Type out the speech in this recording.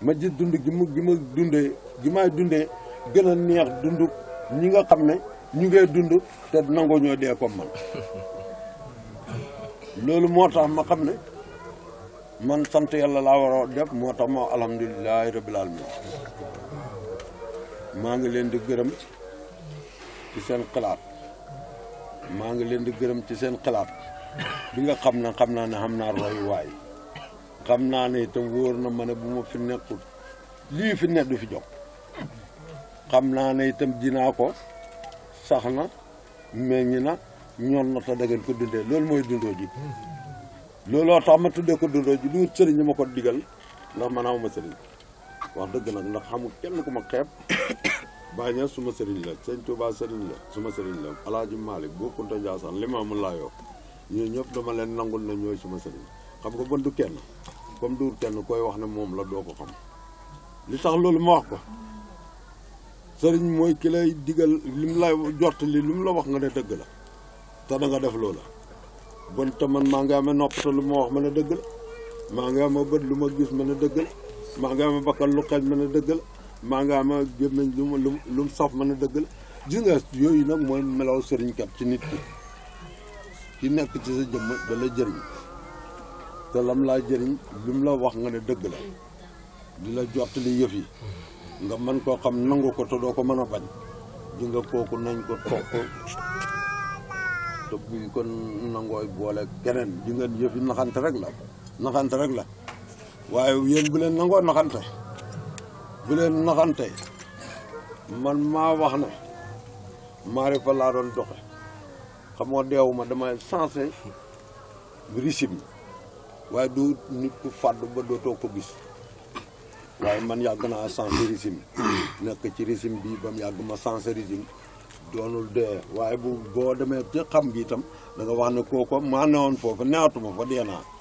ma gis dund gi ma gi ma dundee gi may dundee gën a neex dund ñi nga xam ne ñu ngee dund te nangoo ñoo dee ko man loolu moo tax ma xam ne man sant yàlla laa war a def moo tax ma alhamdulilahi rabbil alamin maa ngi leen di gërëm ci seen xalaat maa ngi leen di gërëm ci seen xalaat bi nga xam na xam naa ne xam naa roy waay xam naa ne itam wóor na ma ne bu ma fi nekkul lii fi nekk du fi jóg xam naa ne itam dinaa ko sax na meññ na ñor na te da ngeen ko dundee loolu mooy dundoo ji looloo tax ma tuddee ko dundoo ji lu sëriñ ma ko digal ndax man amuma sëriñ wax dëgg nag ndax xamu kenn ku ma xeeb su suma sëriñ la sëñ Touba sëriñ la suma sëriñ la El Hadj Malick Bou Kounta Ndiassane Limamou Laye ñooñu ñëpp dama leen nangul na ñooy ma sëriñ xam nga bën du kenn. comme duur kenn koy wax na moom la doo ko xam li tax loolu ma wax ko sëriñ mooy ki lay li lim lay jort li lu mu la wax nga ne dëgg la te da nga def loola bon te man maa ngi amee nopp te lu ma wax ma ne dëgg la maa ngi amee lu ma gis ma ne dëgg la maa ngi lu xeeñ ma ne dëgg la maa ngi lu mu lu mu saf ma ne dëgg la gis nga yooyu nag mooy melaw sëriñkat ci nit ki ki nekk ci sa jëmm dala jëriñ té lam la jëriñ lim la wax nga né dëgg la dila jott li yëf yi nga man ko xam nangu ko to do ko mëna bañ di nga koku nañ ko topp te buñ ko nangoy boole keneen di nga yëf yi naxant rek la naxant rek la waye yeen bu len nangoo naxante bu len naxante man ma wax na maari fa la doon doxé xamoo deewuma dama sensé risim waaye du nit ku ba dootoo ko gis waaye man yàgg naa changé régime nekk ci régime bi ba yàgg ma changé régime doonul dee waaye bu boo demee ci xam bi itam da nga wax ne kooku maa newoon foofu neewatuma fa dee naa